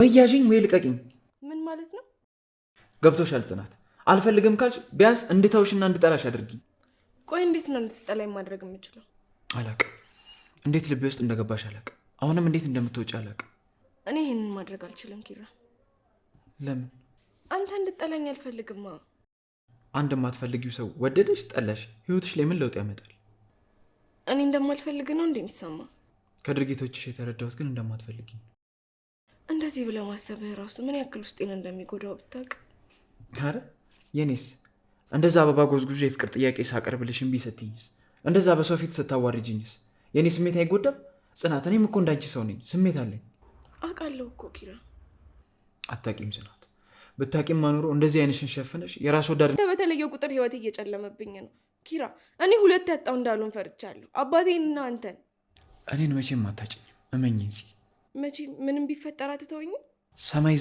በያዥኝ ወይ ልቀቂኝ። ምን ማለት ነው? ገብቶሻል ጽናት። አልፈልግም ካልሽ ቢያንስ እንድታውሽና እንድጠላሽ አድርጊኝ። ቆይ እንዴት ነው እንድትጠላኝ ማድረግ የምችለው? አላቅ እንዴት ልቤ ውስጥ እንደገባሽ አላቅ አሁንም እንዴት እንደምትወጪ አላቅ? እኔ ይህንን ማድረግ አልችልም ኪራ። ለምን? አንተ እንድጠላኝ አልፈልግማ። አንድ የማትፈልጊው ሰው ወደደሽ ጠላሽ ህይወትሽ ላይ ምን ለውጥ ያመጣል? እኔ እንደማልፈልግ ነው እንደሚሰማ ከድርጊቶችሽ የተረዳሁት ግን እንደማትፈልጊ ነው። እንደዚህ ብለህ ማሰብህ ራሱ ምን ያክል ውስጤን እንደሚጎዳው ብታውቅ። ኧረ የኔስ እንደዛ አበባ ጎዝጉዞ የፍቅር ጥያቄ ሳቀርብልሽ እምቢ ሰትኝስ፣ እንደዛ በሰው ፊት ስታዋርጅኝስ? የኔ ስሜት አይጎዳም? ጽናት፣ እኔም እኮ እንዳንቺ ሰው ነኝ፣ ስሜት አለኝ። አውቃለሁ እኮ ኪራ። አታቂም ጽናት፣ ብታቂም ማኖሮ እንደዚህ አይነሽን ሸፍነሽ የራስ ወዳድ በተለየ ቁጥር ህይወት እየጨለመብኝ ነው ኪራ። እኔ ሁለት ያጣው እንዳሉን ፈርቻለሁ፣ አባቴንና አንተን። እኔን መቼም አታጭኝም፣ እመኝን መቼ ምንም ቢፈጠር አትተውኝም? ሰማይ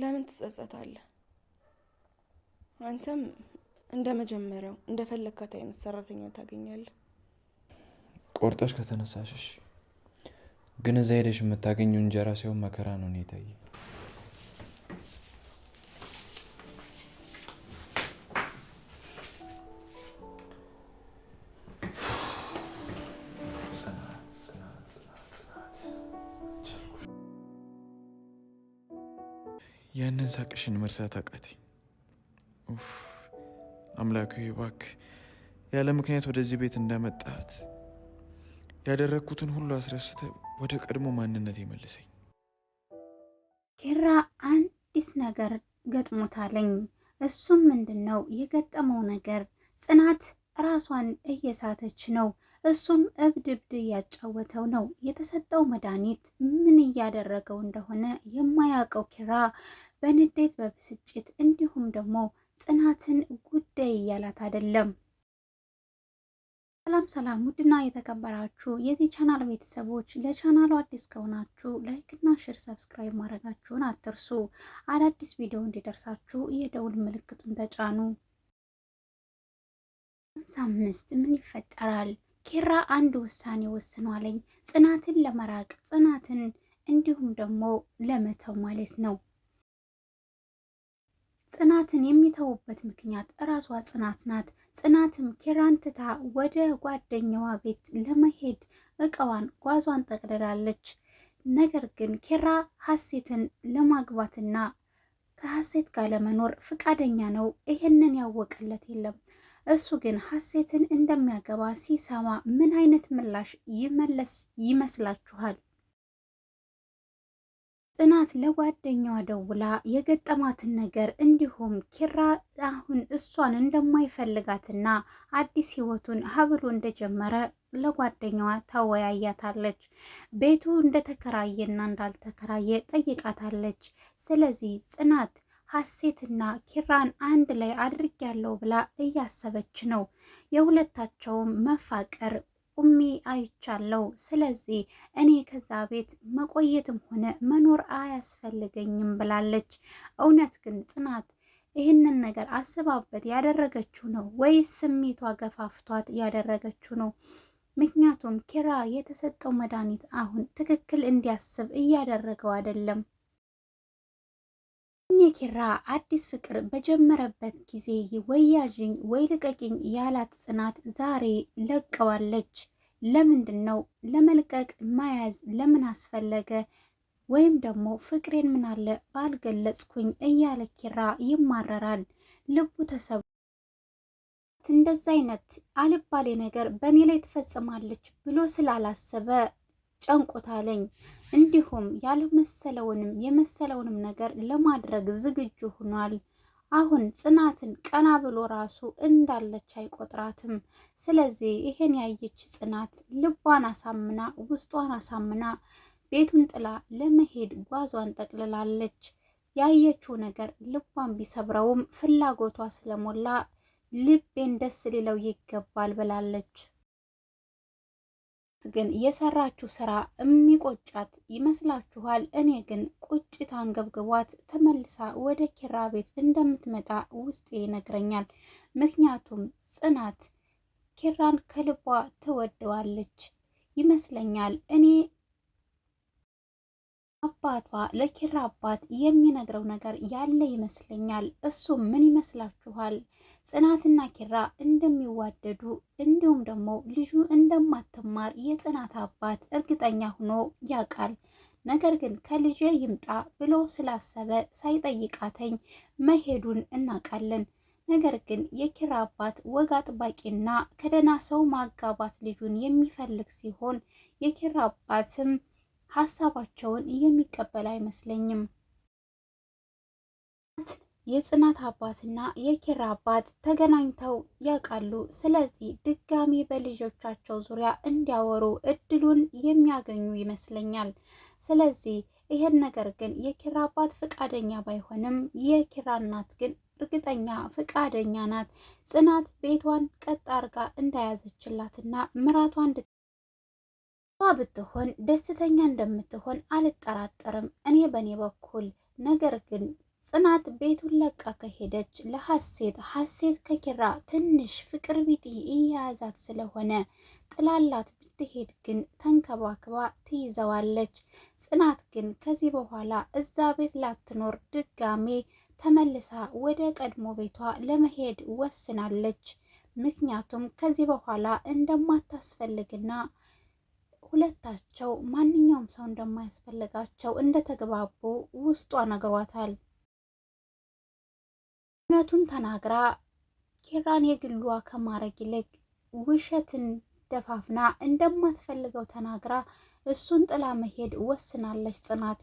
ለምን ትጸጸታለህ? አንተም እንደ መጀመሪያው እንደ ፈለግካት አይነት ሰራተኛ ታገኛለህ። ቆርጠሽ ከተነሳሽሽ ግን እዛ ሄደሽ የምታገኘው እንጀራ ሳይሆን መከራ ነው እኔ የታየኝ። ያንን ሳቅሽን መርሳት አቃተኝ። ኡፍ አምላክ ባክ ያለ ምክንያት ወደዚህ ቤት እንዳመጣት ያደረግኩትን ሁሉ አስረስተ ወደ ቀድሞ ማንነት የመልሰኝ። ኪራ አንዲስ ነገር ገጥሞታለኝ። እሱም ምንድን ነው የገጠመው ነገር? ጽናት ራሷን እየሳተች ነው። እሱም እብድ እብድ እያጫወተው ነው። የተሰጠው መድኃኒት ምን እያደረገው እንደሆነ የማያውቀው ኪራ በንዴት በብስጭት እንዲሁም ደግሞ ጽናትን ጉዳይ እያላት አይደለም። ሰላም ሰላም! ውድና የተከበራችሁ የዚህ ቻናል ቤተሰቦች ለቻናሉ አዲስ ከሆናችሁ ላይክና ሽር ሰብስክራይብ ማድረጋችሁን አትርሱ። አዳዲስ ቪዲዮ እንዲደርሳችሁ የደውል ምልክቱን ተጫኑ። ሃምሳ አምስት ምን ይፈጠራል? ኪራ አንድ ውሳኔ ወስኗለኝ ጽናትን ለመራቅ ጽናትን እንዲሁም ደግሞ ለመተው ማለት ነው ጽናትን የሚተውበት ምክንያት እራሷ ጽናት ናት። ጽናትም ኪራን ትታ ወደ ጓደኛዋ ቤት ለመሄድ እቃዋን ጓዟን ጠቅልላለች። ነገር ግን ኪራ ሀሴትን ለማግባትና ከሀሴት ጋር ለመኖር ፍቃደኛ ነው። ይህንን ያወቀለት የለም። እሱ ግን ሀሴትን እንደሚያገባ ሲሰማ ምን አይነት ምላሽ ይመለስ ይመስላችኋል? ጽናት ለጓደኛዋ ደውላ የገጠማትን ነገር እንዲሁም ኪራ አሁን እሷን እንደማይፈልጋትና አዲስ ህይወቱን ሀብሎ እንደጀመረ ለጓደኛዋ ታወያያታለች። ቤቱ እንደተከራየና እንዳልተከራየ ጠይቃታለች። ስለዚህ ጽናት ሀሴትና ኪራን አንድ ላይ አድርጌያለሁ ብላ እያሰበች ነው። የሁለታቸውም መፋቀር ቁሚ አይቻለሁ። ስለዚህ እኔ ከዛ ቤት መቆየትም ሆነ መኖር አያስፈልገኝም ብላለች። እውነት ግን ጽናት ይህንን ነገር አስባበት ያደረገችው ነው ወይስ ስሜቷ ገፋፍቷት ያደረገችው ነው? ምክንያቱም ኪራ የተሰጠው መድኃኒት አሁን ትክክል እንዲያስብ እያደረገው አይደለም። እነ ኪራ አዲስ ፍቅር በጀመረበት ጊዜ ወያዥኝ ወይ ልቀቂኝ ያላት ጽናት ዛሬ ለቀዋለች። ለምንድን ነው ለመልቀቅ መያዝ ለምን አስፈለገ? ወይም ደግሞ ፍቅሬን ምናለ ባልገለጽኩኝ እያለ ኪራ ይማረራል። ልቡ ተሰብ እንደዛ አይነት አልባሌ ነገር በእኔ ላይ ትፈጽማለች ብሎ ስላላሰበ ጨንቆታለኝ። እንዲሁም ያልመሰለውንም የመሰለውንም ነገር ለማድረግ ዝግጁ ሆኗል። አሁን ጽናትን ቀና ብሎ ራሱ እንዳለች አይቆጥራትም። ስለዚህ ይሄን ያየች ጽናት ልቧን አሳምና ውስጧን አሳምና ቤቱን ጥላ ለመሄድ ጓዟን ጠቅልላለች። ያየችው ነገር ልቧን ቢሰብረውም ፍላጎቷ ስለሞላ ልቤን ደስ ሊለው ይገባል ብላለች። ግን የሰራችሁ ስራ የሚቆጫት ይመስላችኋል? እኔ ግን ቁጭት አንገብግቧት ተመልሳ ወደ ኪራ ቤት እንደምትመጣ ውስጤ ይነግረኛል። ምክንያቱም ጽናት ኪራን ከልቧ ትወደዋለች ይመስለኛል እኔ አባቷ ለኪራ አባት የሚነግረው ነገር ያለ ይመስለኛል። እሱ ምን ይመስላችኋል? ጽናትና ኪራ እንደሚዋደዱ እንዲሁም ደግሞ ልጁ እንደማትማር የጽናት አባት እርግጠኛ ሆኖ ያውቃል። ነገር ግን ከልጄ ይምጣ ብሎ ስላሰበ ሳይጠይቃተኝ መሄዱን እናውቃለን። ነገር ግን የኪራ አባት ወግ አጥባቂና ከደህና ሰው ማጋባት ልጁን የሚፈልግ ሲሆን የኪራ አባትም ሀሳባቸውን የሚቀበል አይመስለኝም። የጽናት አባትና የኪራ አባት ተገናኝተው ያውቃሉ። ስለዚህ ድጋሚ በልጆቻቸው ዙሪያ እንዲያወሩ እድሉን የሚያገኙ ይመስለኛል። ስለዚህ ይህን ነገር ግን የኪራ አባት ፍቃደኛ ባይሆንም የኪራ እናት ግን እርግጠኛ ፍቃደኛ ናት። ጽናት ቤቷን ቀጥ አርጋ እንዳያዘችላትና ምራቷ ብትሆን ደስተኛ እንደምትሆን አልጠራጠርም እኔ በእኔ በኩል ነገር ግን ጽናት ቤቱን ለቃ ከሄደች ለሐሴት ሐሴት ከኪራ ትንሽ ፍቅር ቢጤ እያያዛት ስለሆነ ጥላላት ብትሄድ ግን ተንከባክባ ትይዘዋለች። ጽናት ግን ከዚህ በኋላ እዛ ቤት ላትኖር ድጋሜ ተመልሳ ወደ ቀድሞ ቤቷ ለመሄድ ወስናለች። ምክንያቱም ከዚህ በኋላ እንደማታስፈልግና ሁለታቸው ማንኛውም ሰው እንደማያስፈልጋቸው እንደተግባቡ ውስጧ ነግሯታል። እውነቱን ተናግራ ኪራን የግሏ ከማድረግ ይልቅ ውሸትን ደፋፍና እንደማትፈልገው ተናግራ እሱን ጥላ መሄድ ወስናለች ጽናት።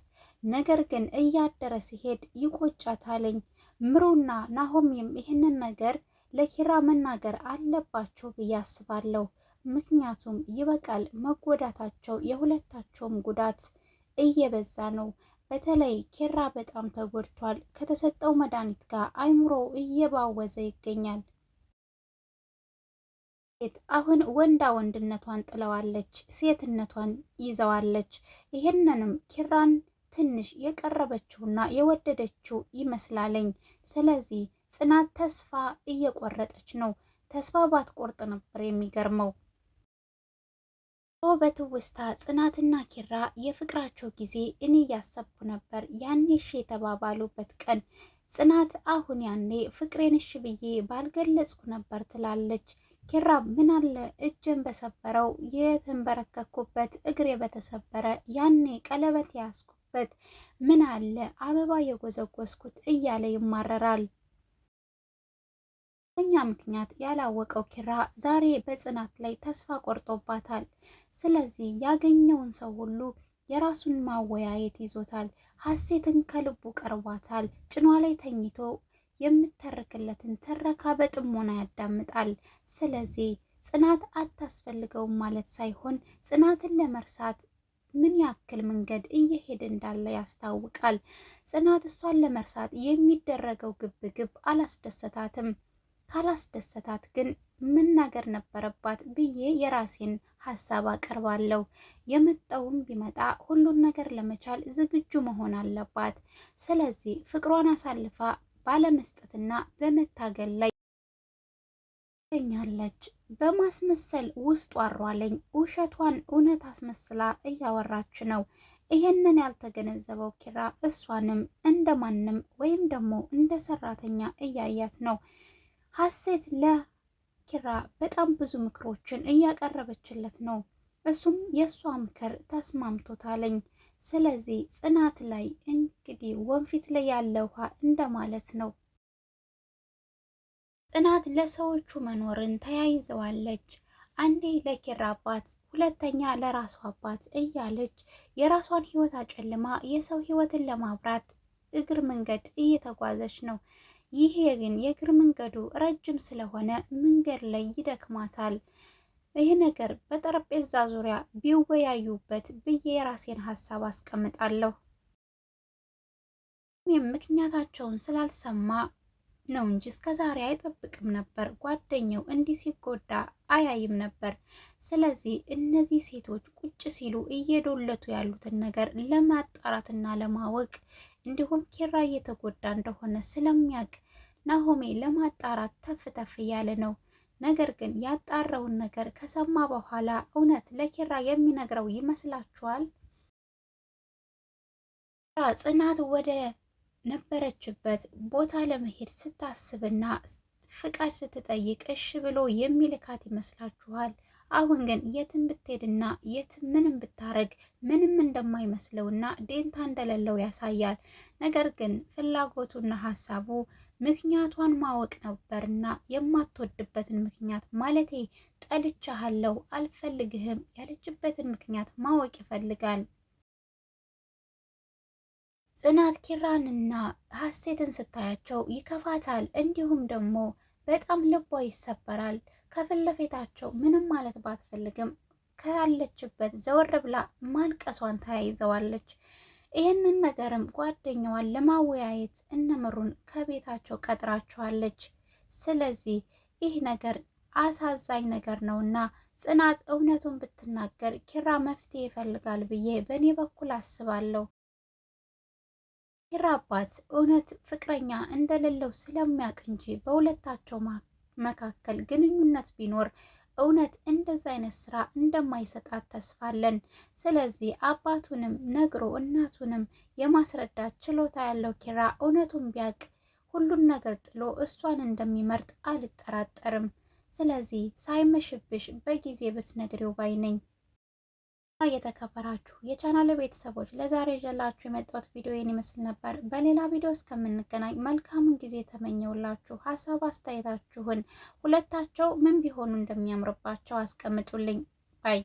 ነገር ግን እያደረ ሲሄድ ይቆጫታለኝ። ምሩና ናሆሚም ይህንን ነገር ለኪራ መናገር አለባቸው ብዬ አስባለሁ። ምክንያቱም ይበቃል መጎዳታቸው፣ የሁለታቸውም ጉዳት እየበዛ ነው። በተለይ ኬራ በጣም ተጎድቷል። ከተሰጠው መድኃኒት ጋር አይምሮ እየባወዘ ይገኛል። አሁን ወንዳ ወንድነቷን ጥለዋለች፣ ሴትነቷን ይዘዋለች። ይህንንም ኪራን ትንሽ የቀረበችውና የወደደችው ይመስላለኝ። ስለዚህ ጽናት ተስፋ እየቆረጠች ነው። ተስፋ ባትቆርጥ ነበር የሚገርመው። ውበት ውስታ ጽናትና ኪራ የፍቅራቸው ጊዜ እኔ እያሰብኩ ነበር ያኔ እሺ የተባባሉበት ቀን። ጽናት አሁን ያኔ ፍቅሬን እሺ ብዬ ባልገለጽኩ ነበር ትላለች። ኪራ ምን አለ እጅን በሰበረው የተንበረከኩበት እግሬ በተሰበረ ያኔ ቀለበት ያስኩበት ምን አለ አበባ የጎዘጎዝኩት እያለ ይማረራል። በእኛ ምክንያት ያላወቀው ኪራ ዛሬ በጽናት ላይ ተስፋ ቆርጦባታል። ስለዚህ ያገኘውን ሰው ሁሉ የራሱን ማወያየት ይዞታል። ሀሴትን ከልቡ ቀርቧታል። ጭኗ ላይ ተኝቶ የምተርክለትን ትረካ በጥሞና ያዳምጣል። ስለዚህ ጽናት አታስፈልገውም ማለት ሳይሆን ጽናትን ለመርሳት ምን ያክል መንገድ እየሄደ እንዳለ ያስታውቃል። ጽናት እሷን ለመርሳት የሚደረገው ግብግብ አላስደሰታትም። ካላስደሰታት ግን መናገር ነበረባት ብዬ የራሴን ሀሳብ አቀርባለሁ። የመጣውም ቢመጣ ሁሉን ነገር ለመቻል ዝግጁ መሆን አለባት። ስለዚህ ፍቅሯን አሳልፋ ባለመስጠትና በመታገል ላይ ትገኛለች። በማስመሰል ውስጥ አሯለኝ። ውሸቷን እውነት አስመስላ እያወራች ነው። ይሄንን ያልተገነዘበው ኪራ እሷንም እንደማንም ወይም ደግሞ እንደ ሰራተኛ እያያት ነው። ሀሴት ለኪራ በጣም ብዙ ምክሮችን እያቀረበችለት ነው። እሱም የእሷ ምክር ተስማምቶታለኝ። ስለዚህ ጽናት ላይ እንግዲህ ወንፊት ላይ ያለ ውሃ እንደማለት ነው። ጽናት ለሰዎቹ መኖርን ተያይዘዋለች። አንዴ ለኪራ አባት፣ ሁለተኛ ለራሷ አባት እያለች የራሷን ህይወት አጨልማ የሰው ህይወትን ለማብራት እግር መንገድ እየተጓዘች ነው። ይሄ ግን የእግር መንገዱ ረጅም ስለሆነ መንገድ ላይ ይደክማታል። ይህ ነገር በጠረጴዛ ዙሪያ ቢወያዩበት ብዬ የራሴን ሀሳብ አስቀምጣለሁ። ምክንያታቸውን ስላልሰማ ነው እንጂ እስከ ዛሬ አይጠብቅም ነበር። ጓደኛው እንዲህ ሲጎዳ አያይም ነበር። ስለዚህ እነዚህ ሴቶች ቁጭ ሲሉ እየዶለቱ ያሉትን ነገር ለማጣራትና ለማወቅ እንዲሁም ኪራ እየተጎዳ እንደሆነ ስለሚያውቅ ናሆሜ ለማጣራት ተፍ ተፍ እያለ ነው። ነገር ግን ያጣራውን ነገር ከሰማ በኋላ እውነት ለኪራ የሚነግረው ይመስላችኋል? ጽናት ወደ ነበረችበት ቦታ ለመሄድ ስታስብና ፍቃድ ስትጠይቅ እሺ ብሎ የሚልካት ይመስላችኋል? አሁን ግን የትም ብትሄድና የት ምንም ብታረግ ምንም እንደማይመስለውና ዴንታ እንደሌለው ያሳያል። ነገር ግን ፍላጎቱና ሀሳቡ ምክንያቷን ማወቅ ነበርና የማትወድበትን ምክንያት ማለቴ ጠልቻሃለው፣ አልፈልግህም ያለችበትን ምክንያት ማወቅ ይፈልጋል። ጽናት ኪራንና ሀሴትን ስታያቸው ይከፋታል። እንዲሁም ደግሞ በጣም ልቧ ይሰበራል። ከፊት ለፊታቸው ምንም ማለት ባትፈልግም ከያለችበት ዘወር ብላ ማልቀሷን ተያይዘዋለች። ይህንን ነገርም ጓደኛዋን ለማወያየት እነምሩን ከቤታቸው ቀጥራቸዋለች። ስለዚህ ይህ ነገር አሳዛኝ ነገር ነውና ጽናት እውነቱን ብትናገር ኪራ መፍትሄ ይፈልጋል ብዬ በእኔ በኩል አስባለሁ። ኪራ አባት እውነት ፍቅረኛ እንደሌለው ስለሚያውቅ እንጂ በሁለታቸው መካከል ግንኙነት ቢኖር እውነት እንደዚ አይነት ስራ እንደማይሰጣት ተስፋለን። ስለዚህ አባቱንም ነግሮ እናቱንም የማስረዳት ችሎታ ያለው ኪራ እውነቱን ቢያውቅ ሁሉን ነገር ጥሎ እሷን እንደሚመርጥ አልጠራጠርም። ስለዚህ ሳይመሽብሽ በጊዜ ብትነግሪው ባይ ነኝ። የተከበራችሁ የቻናል ቤተሰቦች ለዛሬ ይዤላችሁ የመጣሁት ቪዲዮ ይህን ይመስል ነበር። በሌላ ቪዲዮ እስከምንገናኝ መልካሙን ጊዜ ተመኘውላችሁ። ሀሳብ አስተያየታችሁን ሁለታቸው ምን ቢሆኑ እንደሚያምርባቸው አስቀምጡልኝ ባይ